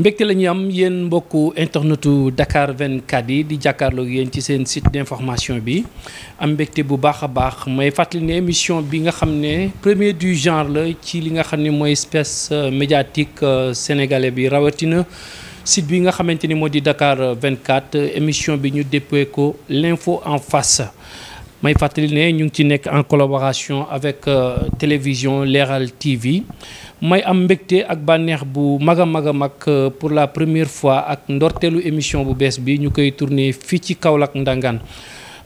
mbégte la am yeen Dakar 24 di ci site d'information bi am bu émission baax émission bi nga du genre la ci li nga euh, médiatique euh, sénégalais bi rawatina site bi nga Dakar 24 émission bi ñu l'info en face may fàttali ne ñu ci en collaboration avec euh, télévision Leral TV may am mbégte ak bànneex bu mag euh, pour la première fois ak ndortelu émission bu bees bi ñu koy tourner fii ci Kaolack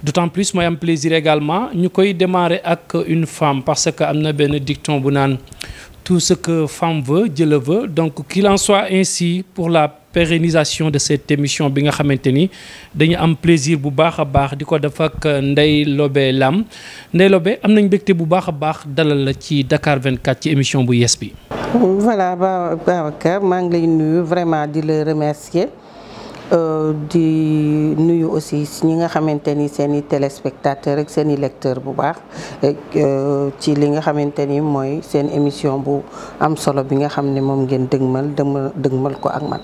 d'autant plus may am plaisir également ñu koy démarrer ak une femme parce que am na benn dicton bu tout ce que femme veut, Dieu le veut. Donc qu'il en soit ainsi pour la pérennisation de cette émission bi nga maintenir, ni dañu am plaisir bu baax a baax que ko def ak Lobé Lam Ndey Lobé am nañ mbégte bu baax ci Dakar 24 ci émission bu yes voilà Babacar maa ngi lay nuyu vraiment di le remercier. Euh, di nuyu aussi ñi nga xamanteni seeni seen téléspectateur ak seeni i lecteur bu baax euh, ci li nga xamanteni moy seen émission bu am solo bi nga xam mom ngeen deugmal deugmal ko ak man.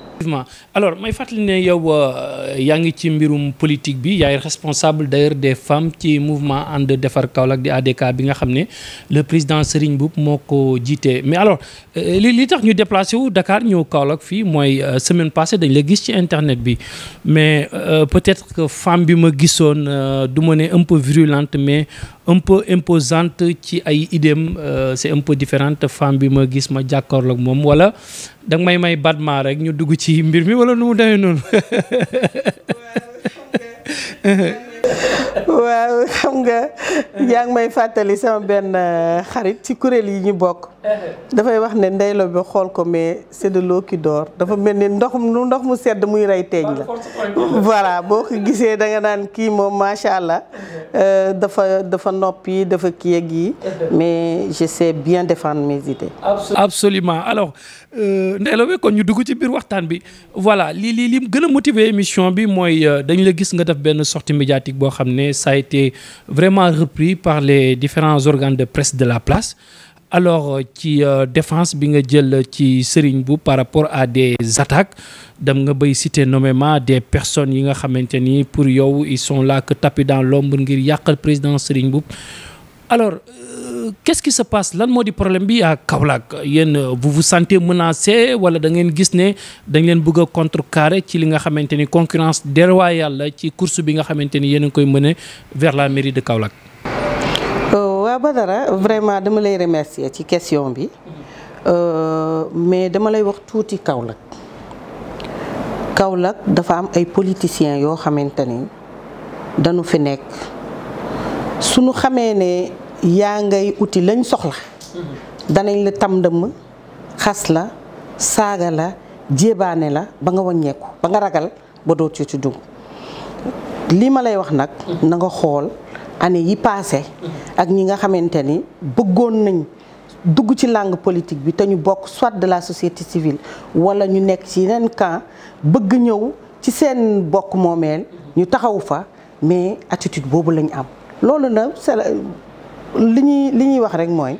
alors may fatali ne yow ya ngi ci mbirum politique bi yaay responsable d'ailleurs des femmes ci mouvement and defar kaolak di ADK bi nga xam le président Serigne Boub moko jité mais alors li tax ñu déplacer wu Dakar ñëw kaolak fi moy semaine passée dañ la gis ci internet bi. mais euh, peut-être que femme bi ma gisoon euh, du ma ne un peu virulente mais un peu imposante ci ay idéem euh, c'est un peu différente femme bi ma gis ma jàkkaarloog moom wala da may may batma rek ñu dugg ci mbir mi wala nu mu demee noonu. waaw xam nga yaa ngi may fàttali sama benn euh, xarit ci kuréel yi ñu bokk uh-huh. dafay wax ne ndeylo bi xool ko mais c'est de l'eau qui dort dafa mel ni ndox mu ndox mu sedd muy rey teeñ la voilà boo ko gisee da nga naan kii moom macha allah uh-huh. euh, dafa dafa noppi dafa kii ak yi uh-huh. mais je sais bien défendre mes idées absolument alors euh, kon ñu dugg ci biir waxtaan bi voilà li li li gën a motiver émission bi mooy euh, dañ la gis nga def benn sortie médiatique boo ça a été vraiment repris par les différents organes de presse de la place alors euh, ci défense bi nga jël ci Serigne par rapport à des attaques dem nga bay citer nommément des personnes yi nga xamante ni pour yow ils sont là que taper dans l'ombre ngir yàqal président Serigne alors qu'est-ce qui se passe lan modi di problème bi à Kaolack yen euh, vous vous sentez menacé wala da ngeen gis né dañ leen bëgg a contrecarrer ci li nga xamanteni concurrence déloyale la ci course bi nga xamanteni yen yéen a koy mëne vers la mairie de Kaolack. Euh, wa Badara vraiment dama lay remercier ci question bi euh, mais dama lay wax tuuti Kaolack Kaolack dafa am ay politiciens yo xamanteni dañu fi nek suñu xamé né yaa ngay uti lañ soxla danañ la tam dëmm xas la saaga la jébaane la ba nga wàññeeku ba nga ragal ba doot ci dugg lii ma lay wax nag na nga xool année yi paase ak ñi nga xamante ni bëggoon nañ dugg ci langue politique bi te ñu bokk soit de la société civile wala ñu nekk ci yeneen camp bëgg ñëw ci seen bokk moomeel ñu taxaw fa mais attitude boobu lañ am loolu na li ñuy wax rek mooy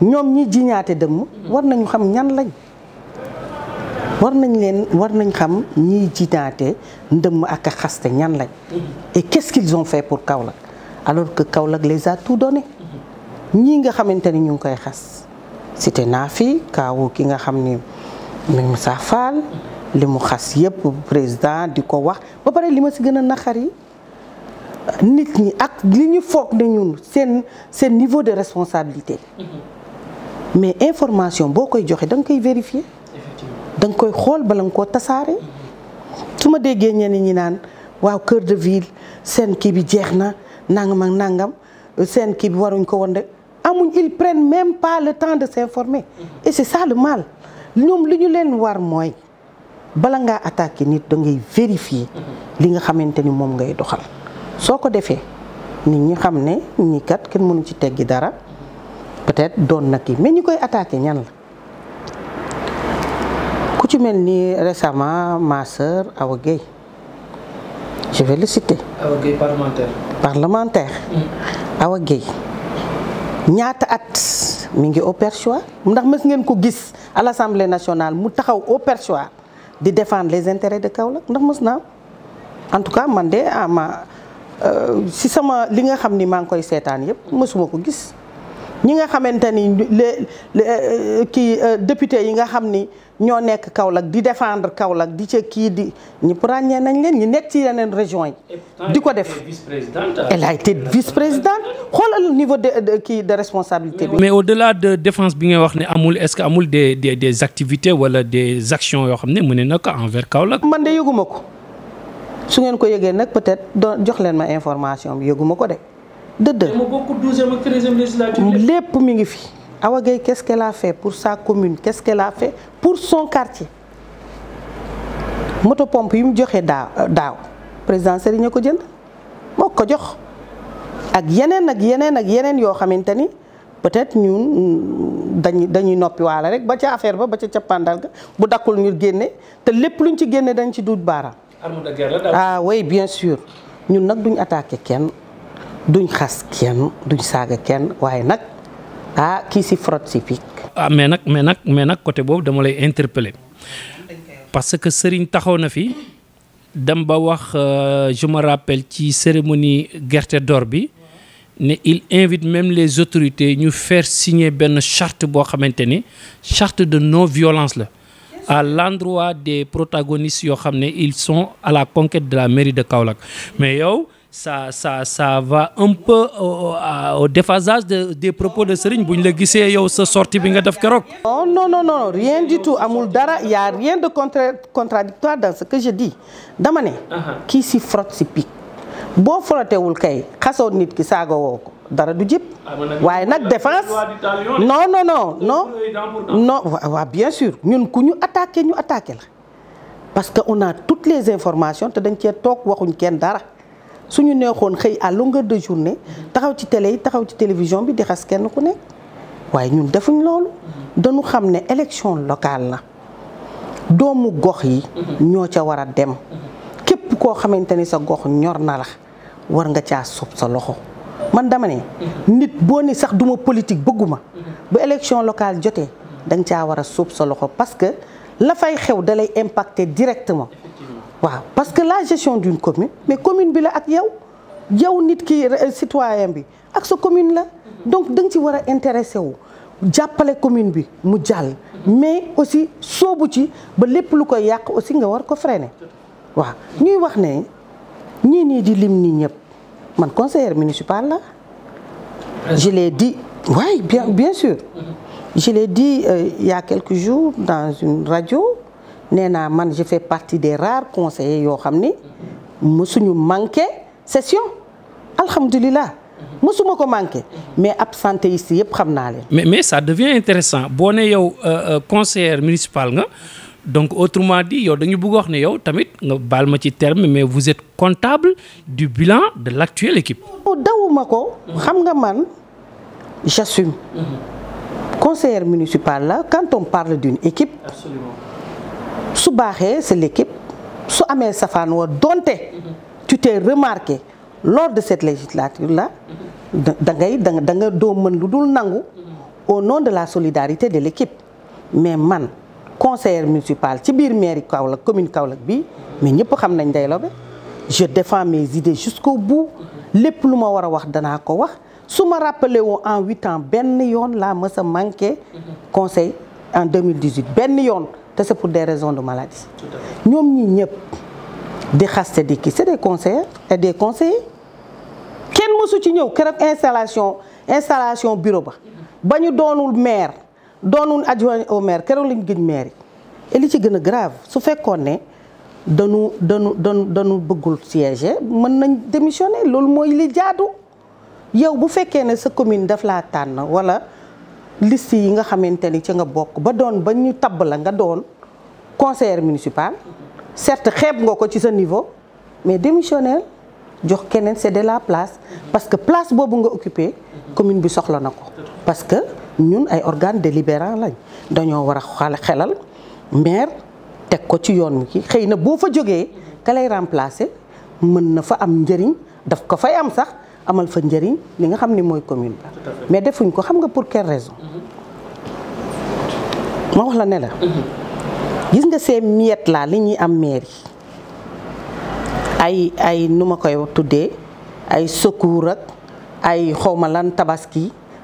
ñom ñi jiñaate dëmm war nañu xam ñan lañ war nañ leen war nañ xam ñi jiñaate ndëmm ak xasté ñan lañ et qu'est-ce qu'ils ont fait pour Kaolack alors que Kaolack les a tout donné ñi nga xamanteni ñu koy xass cité nafi fi kaawu ki nga xam ni Moussa Fall li mu xas yëpp président diko wax ba pare li ma si gën a nit ñi ak li ñu foog ne ñun sen sen niveau de responsabilité mais information bokoy koy joxe da koy vérifier da nga koy xol balang ko tassaré suma déggé ma déggee ñenn ñi naan waaw cœur de ville sen ki bi jeexna nangam ak nangam euh, sen ki bi waruñ ko woon amuñ ils prennent même pas le temps de s'informer mm-hmm. et c'est ça le mal ñom li ñu leen war moy bala ngaa attaquer nit da ngay vérifier mm-hmm. li nga xamanteni mom ngay doxal soko defé defee nit ñi xamné ñi kat kenn mënu ci téggi dara peut-être don na kii mais ñukoy koy attaqué ñan la ku ci melni récemment ma sœur Awa je vais le citer. parlementaire. parlementaire. Mm. Awa ñaata at mi ngi au perchoir ndax mëss ngeen ko gis à l'Assemblée nationale mu taxaw au perchoir di défendre les intérêts de Kaolack ndax mëss na en tout cas mandé à ama ah, Euh, si sama li nga xam ni maa ngi koy seetaan yëpp mësuma ko gis ñi nga xamante ni les euh, kii euh, député yi nga xam ni ñoo nekk Kaolack di défendre Kaolack di ca kii di ñëpp ràññee nañ leen ñu nekk ci yeneen région yi. di ko def elle a été vice présidente xoolal niveau de kii de responsabilité bi. mais au delà de défense bi nga wax ne amul est-ce que amul des des activités wala des actions yoo xam ne mën ne ko envers Kaolack. man de yëguma ko. su ngeen ko yëgee nag peut-être doon jox leen ma information bi yëguma ko de dëdd lépp mi ngi fi Awa Gueye qu'est-ce qu'elle a fait pour sa commune qu'est-ce qu'elle a fait pour son quartier moto pompe yi mu joxe daaw daaw président Serigne a ko jënd moo ko jox ak yeneen ak yeneen ak yeneen yoo xamante ni peut-être ñun dañuy dañuy noppi waala rek ba ca affaire ba ba ca cappaandal ga bu dakkul ñu génne te lépp luñ ci génne dañ ci duut baaraam de guerre ah oui bien sûr ñun n'avons duñ attaqué kenn duñ xas kenn duñ saaga kenn waaye nag ah kii si fraude civique. ah mais nak, mais nak, mais nak, côté bob, dama lay interpeller parce que Serigne taxaw na fi dem ba wax euh, je me rappelle ci cérémonie guerre d'or bi ne il invite même les autorités ñu faire signer ben charte boo xamante charte de non violence là à l'endroit des protagonistes ils sont à la conquête de la mairie de Kaolack mais yow ça ça ça va un peu au, déphasage des propos de Serigne bu le la yo, yow sorti sortie bi nga def oh, non non non rien du tout amul dara y a rien de contradictoire dans ce que je dis dama ne. ki si frotte s'y pique Si vous kay vous nit ki saaga dara du jip waye nak défense non non non non non wa bien sûr ñun ku ñu attaqué ñu attaquer la parce que on a toutes les informations te dañ ci tok waxuñ kenn dara suñu neexoon xey à longueur de journée taxaw ci télé taxaw ci télévision bi di xas kenn ku nekk waye ñun defuñ lolu dañu xamné élection locale la doomu gox yi ño ca wara dem képp ko xamanteni sa gox ñor na la war nga ca sob sa loxo man dama ne nit boo ni sax duma politique bëgguma bu élection locale jotee da nga caa war a suub sa loxo parce que la fay xew da impacte directement waaw parce que la gestion d'une commune mais commune bi la ak yow yow nit ki euh, citoyen bi ak sa commune la donc da ci war a intéressé wu jàppale commune bi mu jàll mais aussi soobu ci ba lépp lu koy yàq aussi nga war ko freiner waaw ñuy wax ne ñii nii di lim nii ñëpp man conseillère municipal, je l'ai dit oui bien sûr. je l'ai dit euh, il y a quelques jours dans une radio, Nena, man je fais partie des rares conseillers yoo xam manqué mësuñu manqué session alhamdulilah. mësuma pas manqué mais absenté ici ici yëpp mais mais ça devient intéressant si vous yow euh, euh, conseillère municipale donc autrement dit vous dañu bëgg wax terme mais vous êtes comptable du bilan de l'actuelle équipe. Oh, j'assume. conseiller municipal là, quand on parle d'une équipe. absolument c'est l'équipe su Safano, Safano tu t'es remarqué lors de cette législature là. au nom de la solidarité de l'équipe mais man conseillère municipale ci biir mairie la commune Kaolak, bi mais ñëpp xam nañ Ndeye Lobé je défends mes idées jusqu'au bout Les plus je war a wax danaa ko wax su en 8 ans ben yon, laa mës manquait conseil en 2018 Ben yon, te c'est pour des raisons de maladie Nous, ñi ñëpp di xaste di c'est des conseillers et des conseillers Quel mësu ci ñëw keroog installation installation bureau ba ba ñu doonul maire doonuñ adjoint au maire kéro liñ gëj maire yi li ci gëna grave su fekkone ne dañu dañu dañu dañu bëggul siéger mën nañ démissioner lool moy li jaadu yow bu fekkee ne sa commune daf la tànn wala liste yi nga xamanteni ci nga bok ba doon ba ñu tabb la nga doon conseiller municipal certes xeb nga ko ci sa niveau mais démissionnel, jox kenen c'est de la place parce que place bobu nga occuper commune bi soxla na parce que ñun ay organe délibérant lañ dañoo war a xale xelal maire teg ko ci yoon wi xëy na boo fa jógee ka lay remplacer mën na fa am njëriñ daf ko fay am sax amal fa njëriñ li nga xam ni mooy commune ba mais defuñ ko xam nga pour quelle raison mm-hmm. ma wax la ne la mm-hmm. gis nga ces miettes laa li ñuy am maire yi ay ay nu ma koy tuddee ay secours ak ay xawma lan tabaski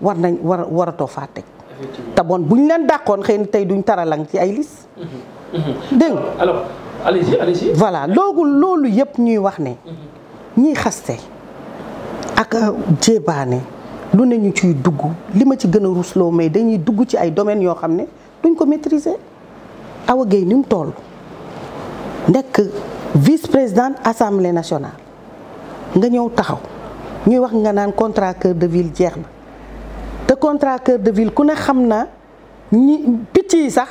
war nañ war waratoo faa teg te bon bu len leen dàqoon tay duñ taralang ci ay liste mm-hmm. dégg nga alors allez-y allez-y voilà loogu loolu yep ñuy wax né mm-hmm. ñi xasté ak djébané euh, lu ne ci dugg lima ci gëna a rusloo mais dañuy dugg ci ay domaine yo xamné duñ ko maîtriser Awa Gueye ni toll nek vice président assemblée nationale nga ñew taxaw ñuy wax nga naan contrat cœur de ville jeex contrat cœur de ville ku ne xam na ñi picc sax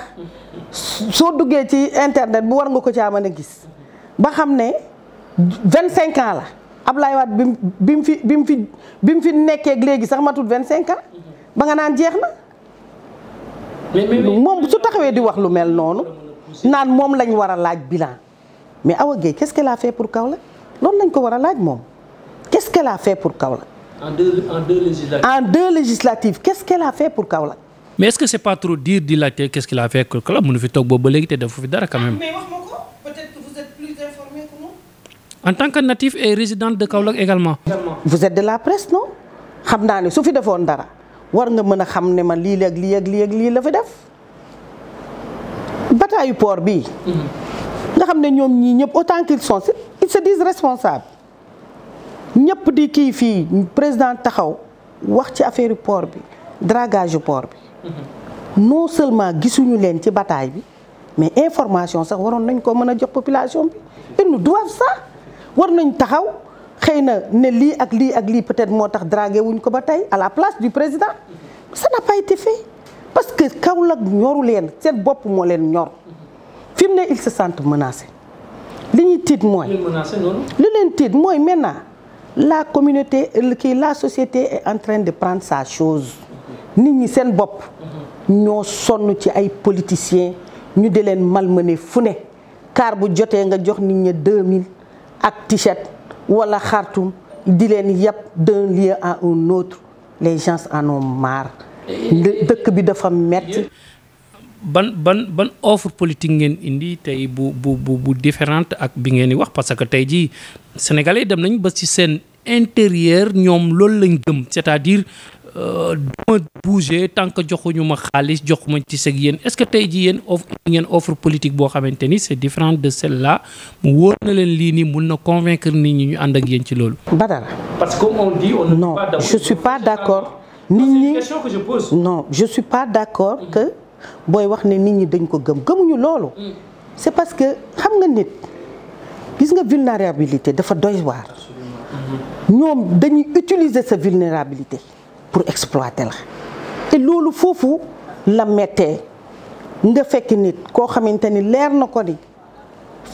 soo duggee ci internet bi war nga ko caa mën a gis ba xam ne vingt cinq ans la Ablaye Wade bi bi mu fi bi mu fi bi mu fi nekkee léegi sax matul vingt cinq ans ba nga naan jeex na moom su taxawee di wax lu mel noonu naan moom lañ war a laaj bilan mais Awa Gueye qu'est-ce qu'elle a fait pour kaw Kaolack loolu lañ ko war a laaj moom qu'est-ce qu'elle fait pour kaw la En deux, législatives. En deux législatives. Qu'est-ce qu'elle a fait pour Kaolack mais est-ce que n'est pas trop dire dilater qu'est-ce qu'il a fait que Mon quand même. mais peut-être que vous êtes plus informé que nous. en tant que natif et résident de Kaolack également. vous êtes de la presse non Vous war nga la autant qu'ils sont ils se disent responsables ñëpp di kii fii président taxaw wax ci affaire port bi dragage port bi mm-hmm. non seulement gisuñu leen ci bataille bi mais information sax waroon nañ ko mën a jox population bi ils nous doivent ça war nañ taxaw xëy na ne lii ak lii ak lii peut-être moo tax draguer wuñ ko ba tey à la place du président mm-hmm. ça n'a pas été fait parce que Kaolack ñoru leen seen bopp moo leen ñor mm-hmm. fi mu ne ils se sentent menacés li ñuy tiit mooy li leen tiit mooy maintenant la communauté la société est en train de prendre sa chose Nous, sommes Sen politiciens nous di leen Car si vous avez bu nga 2000 t shirts wala xartum di leen d'un lieu à un autre les gens en ont marre dëkk bi dafa mettre ban ban ban offre politique ngeen indi tay bu bu bu bu différente ak bi ngeen wax parce que tay ji sénégalais dem nañ ba ci sen intérieur ñom lool lañ gëm c'est-à-dire euh, ma bouger tant que joxuñu ma xaalis joxuma ci seg yeen est ce que tay ji yeen offre ngeen offre politique bo xamanteni c'est différent de celle là mu wor na leen li ni mëna convaincre nit ñi ñu and ak yeen ci lool badara parce que on dit on d'accord je suis pas d'accord non je suis pas d'accord mm. que booy wax ne nit ñi dañ ko gëm gëmuñu loolu. Mm. c'est parce que xam nga nit gis nga vulnérabilité dafa doy waar. ñoom dañuy utiliser sa vulnérabilité pour exploiter la te loolu foofu la mettee nga fekk nit koo xamante ni leer na ko ni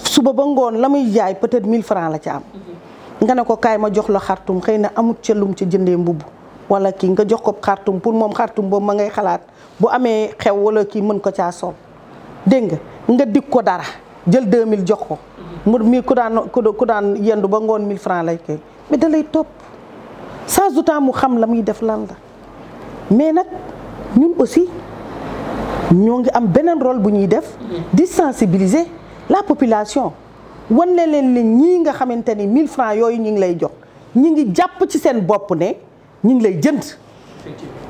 suba ba ngoon la muy jaay peut-être 1000 francs la ca am. Mm-hmm. nga ne ko kaay ma jox la xartum xëy na amut ca lum ca jëndee mbubb wala kii nga jox ko xartum pour moom xartum boobu ma ngay xalaat bu amee xew wala kii mën ko caa sol dégg nga nga dig ko dara jël 2000 jox ko. mu mhm. mi ku daan ku daan yendu ba ngoon 1000 francs lay koy mais da lay topp sans doute mu xam la muy def lan la mais nag ñun aussi ñoo ngi am beneen rôle bu ñuy def. Mhm. di sensibiliser la population. wan leen leen ñii nga xamante ni 1000 francs yooyu ñu ngi lay jox ñu ngi jàpp ci seen bopp ne. ñu ngi lay jënd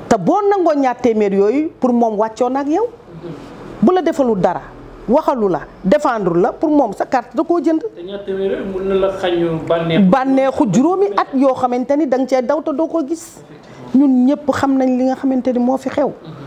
te boo nangoo ñaar téeméer yooyu pour moom wàccoon ak yow mm-hmm. bu la defalul dara waxalu la défendre la pour moom sa kart da koo jënd. bànneexu juróomi at yoo xamante ni da nga cee daw te doo koo gis ñun ñëpp xam nañ li nga xamante ni moo fi xew. Mm-hmm.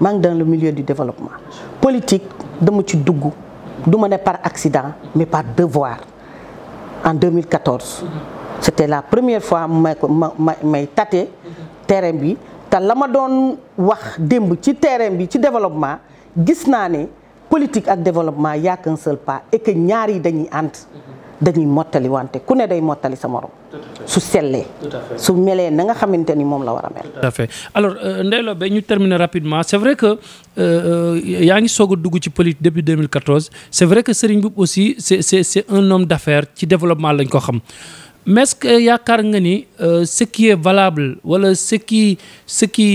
Je suis dans le milieu du développement politique je ci dugg du par accident mais par devoir en 2014 C'était la première fois que j'ai suis tâté terrain bi la ma doon wax démb ci terrain bi ci développement vu que la politique le développement n'ont qu'un seul pas et que de yi dañuy dañuy motali wante ku ne day motali sa morom. su sellee. su melee na nga xamanteni mom la wara mel. tout à fait alors euh, Ndeye be ñu terminer rapidement C'est vrai que euh, euh, yaangi Sogu soog dugg ci politique depuis 2014 C'est vrai que Serigne bub aussi c'est c'est un homme d'affaires ci développement lañ ko xam. mais est-ce que yaakar nga ni ce qui est valable wala ce qui ce qui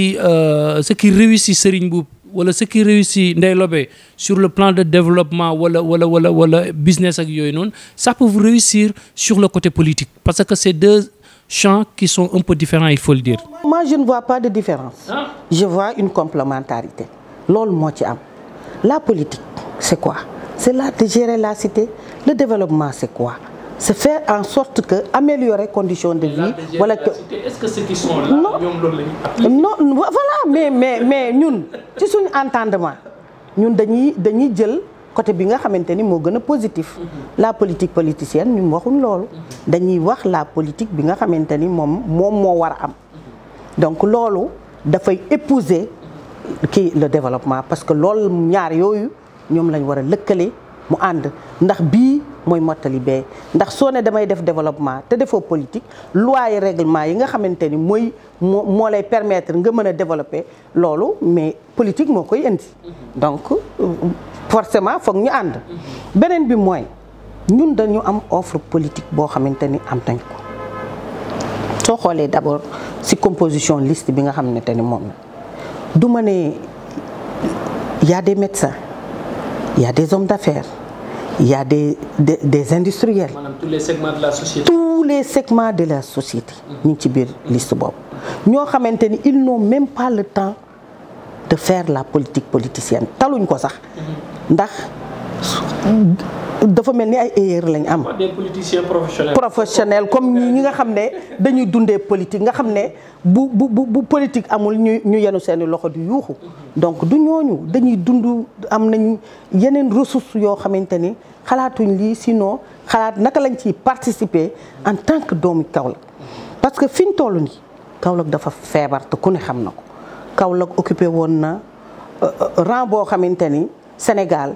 ce qui réussit Serigne bub ce qui réussit sur le plan de développement wala wala business ça peut réussir sur le côté politique parce que c'est deux champs qui sont un peu différents il faut le dire. moi je ne vois pas de différence. Hein? je vois une complémentarité. la politique c'est quoi c'est là de gérer la cité le développement c'est quoi c'est faire en sorte que améliorer conditions de vie est-ce que ceux qui sont là non voilà mais mais mais entendement Nous, côté bi nga mhm. la politique politicienne ñu waxuñ loolu mhm. dañuy wax la politique bi mhm. donc loolu fay épouser qui le développement parce que loolu ñaar lañ mu ndax moy motali bé ndax soo damay def développement té défo politique loi et règlement yi nga xamante moy mooy lay permettre nga mëna développer lolu mais politique mokoy koy indi. donc forcément foog ñu and beneen bi moy ñun dañu am offre politique bo xamante am nañ ko so xolé d'abord ci composition liste bi nga xamante mom duma né il y a des médecins il y a des hommes d'affaires il y a des, des, industriels. tous les segments de la société. ils n'ont même pas le temps de faire la politique politicienne. dafa mel ni ay erreur lañ am. des politiciens professionnels. comme ñi nga xam ne dañuy dundee politique nga xam ne bu bu bu politique amul ñu ñu yenu seeni loxo di yuuxu. donc du ñooñu dañuy dund am nañ yeneen ressources yoo xamante ni xalaatuñ lii sinon xalaat naka lañ ciy participer en tant que doomu Kaolack. parce que fi ñu toll nii Kaolack dafa feebar te ku ne xam na ko Kaolack occupé woon na euh, euh, rang boo xamante ni Sénégal.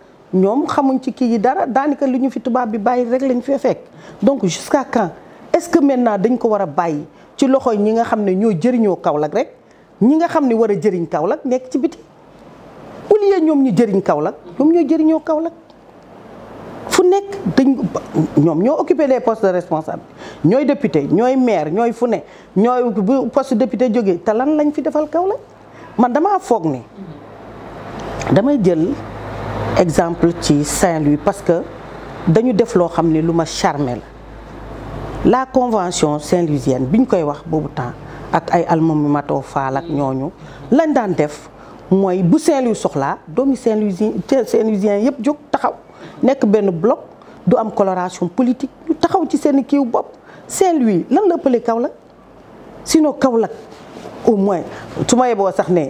ñoom xamuñ ci kii yi dara daanaka lu ñu fi tubaab bi bàyyi rek lañ fee fekk donc jusqu'à quand est-ce que maintenant dañ ko war a bàyyi ci loxoy ñi nga xam ne ñoo jëriñoo Kaolack rek ñi nga xam ni war a jëriñ Kaolack nekk ci biti au lieu ñoom ñu jëriñ Kaolack ñoom ñoo jëriñoo Kaolack fu nekk dañ ñoo occupé les postes de responsable ñooy député ñooy maire ñooy fu ne ñooy bu poste député jógee te lan lañ fi defal Kaolack man damaa foog ne damay jël exemple ci Saint-Louis parce que dañu def loo xam ne lu la convention saint-louisienne bi ñu koy wax boobu temps ak ay almami Mato Fall ak ñooñu lañ daan def mooy bu Saint-Louis soxlaa doomi Saint-Louisien Saint-Louisien yep jóg taxaw nek benn bloc du am coloration politique ñu taxaw ci seen kiiw bopp Saint-Louis lan la ëppale Kaolack sinon Kaolack au moins su ma sax ne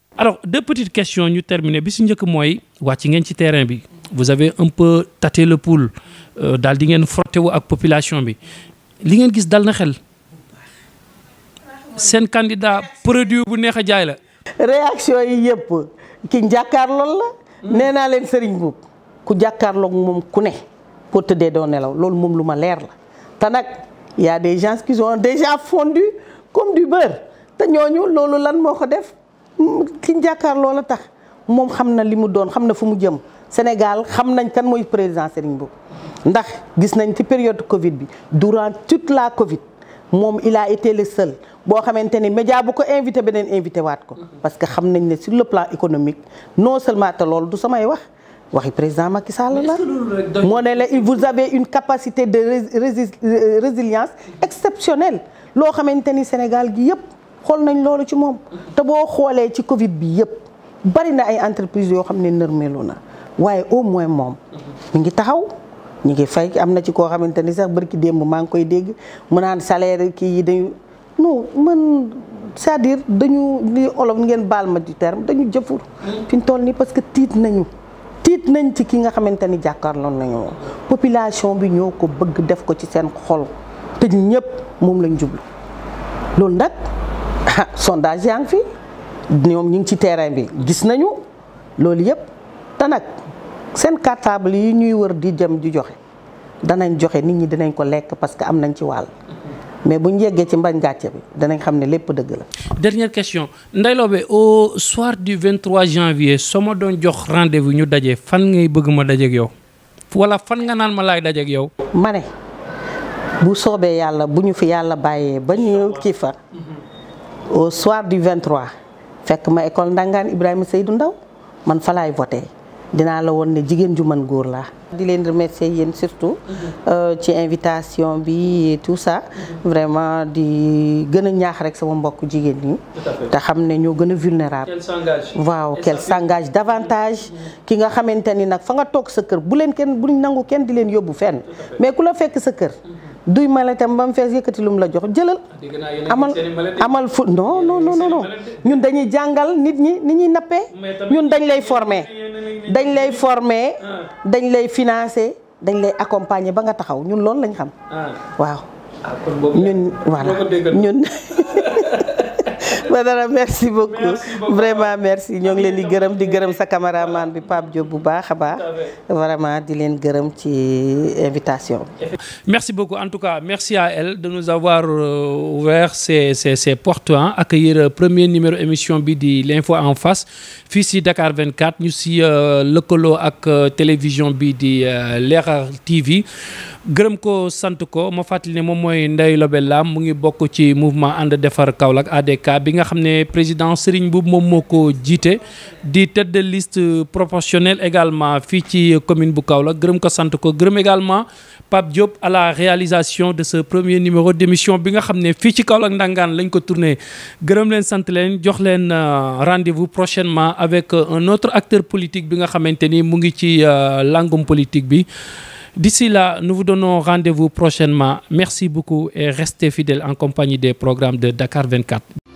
alors deux petites questions ñu terminer bi si njëkk mooy wàcc ngeen ci terrain bi vous avez un peu tâté le poule euh, daal di ngeen frotté wu ak population bi li ngeen gis dal na xel seen candidat produit bu neex a la. réaction yi yëpp ki jàkkaarlool la. nee naa leen Serigne Mboup ku jàkkaarloog moom ku ne boo tëddee doo nelaw loolu moom lu ma la te nag y a des gens qui sont déjà fondus comme du beurre te ñooñu loolu lan moo ko def ki ñu jàkkaar loola tax moom xam na li mu doon xam fu mu jëm Sénégal xam nañ kan mooy président Serigne Mboup ndax gis nañ ci période Covid bi durant toute la Covid mom il a été le seul boo xamante ni média bu ko invité beneen invité waat ko. Mm-hmm. parce que xam nañ ne sur le plan économique non seulement te loolu du samay wax waxi président Macky Sall la. moo ne la vous avez une capacité de résilience exceptionnelle Lo xamante Sénégal gi yëpp. xool nañ loolu ci moom te boo xoolee ci Covid bi yëpp bari na ay entreprise yoo xam ne nërmeelu na waaye au moins moom mi ngi taxaw ñu ngi fay am na ci koo xamante ni sax barki démb maa ngi koy dégg mu naan salaire kii yi dañu non man cest à dañu ni olof ngeen baal ma du terme dañu jëfur fi ñu toll nii parce que tiit nañu tiit nañ ci ki nga xamante ni jàkkaarloon nañu population bi ñoo ko bëgg def ko ci seen xol te ñu ñëpp moom lañ jublu loolu nag sondage yaa ngi fi ñoom ñing ci terrain bi gis nañu loolu yëpp ta nak seen cartable yi ñuy wër di jëm di joxe danañ joxe nit ñi dinañ ko lekk parce que am nañ ci wàll mais bu ñu yeggee ci mbañ gàcce bi danañ xam ne lépp dëgg la. dernière question Ndeye Lobé au soir du 23 janvier soo ma doon jox rendez-vous ñu daje fan ngay bëgg ma ak yow wala fan nga naan ma laay ak yow. ma ne bu soobee yàlla bu ñu fi yàlla bàyyee ba ñu kii fa. au soir du 23 fekk ma école Ndangaan Ibrahima Seydou Ndaw man falaay laay voté dinaa la woon ne jigéen ju man góor laa. di leen remercier yéen surtout. Euh, ci invitation bi et tout ça. vraiment di gën a ñaax rek sama mbokk jigéen ñi. te xam ne ñoo gën a vulnérable. waaw qu'elle s'engage davantage. ki nga xamante ni nag fa nga toog sa kër bu leen kenn bu ñu nangu kenn di leen yóbbu fenn. mais ku la fekk sa kër. Mm-hmm. duy maletam ba mu fees yëkkati lu mu la jox jëlal. amal amal fu non non non ñun dañuy jàngal nit ñi ni ñuy nappee. ñun dañ lay former dañ lay former ah. dañ lay financer dañ lay accompagner ba nga taxaw ñun loolu lañ xam. Ah. waaw. Ah, ñun voilà ñun. madame merci beaucoup vraiment merci nous ngi leen di gërëm di gërëm sa caméraman bi Pape Diop bu baax a vraiment di gërëm ci invitation merci beaucoup en tout cas merci à elle de nous avoir euh, ouvert ses ces ces portes hein accueillir euh, premier numéro émission bi di l'info en face ici Dakar 24 ñu si euh, lëkkaloo ak télévision bi di Leral TV gërëm ko sante ko ma fàttali ne moom mooy Ndeye Lobel Lam mu ngi bok ci mouvement ànd defar kaolak ADK nga président Serigne Momoko moom moo tête de liste proportionnelle également fichi ci commune bu Kaolack gërëm ko également Pape Diop à la réalisation de ce premier numéro d'émission bi nga xam ne fii ci Kaolack Ndangaan lañ ko tourné gërëm euh, rendez-vous prochainement avec euh, un autre acteur politique bi nga xamante ni mu ci euh, politique D'ici là, nous vous donnons rendez-vous prochainement. Merci beaucoup et restez fidèles en compagnie des programmes de Dakar 24.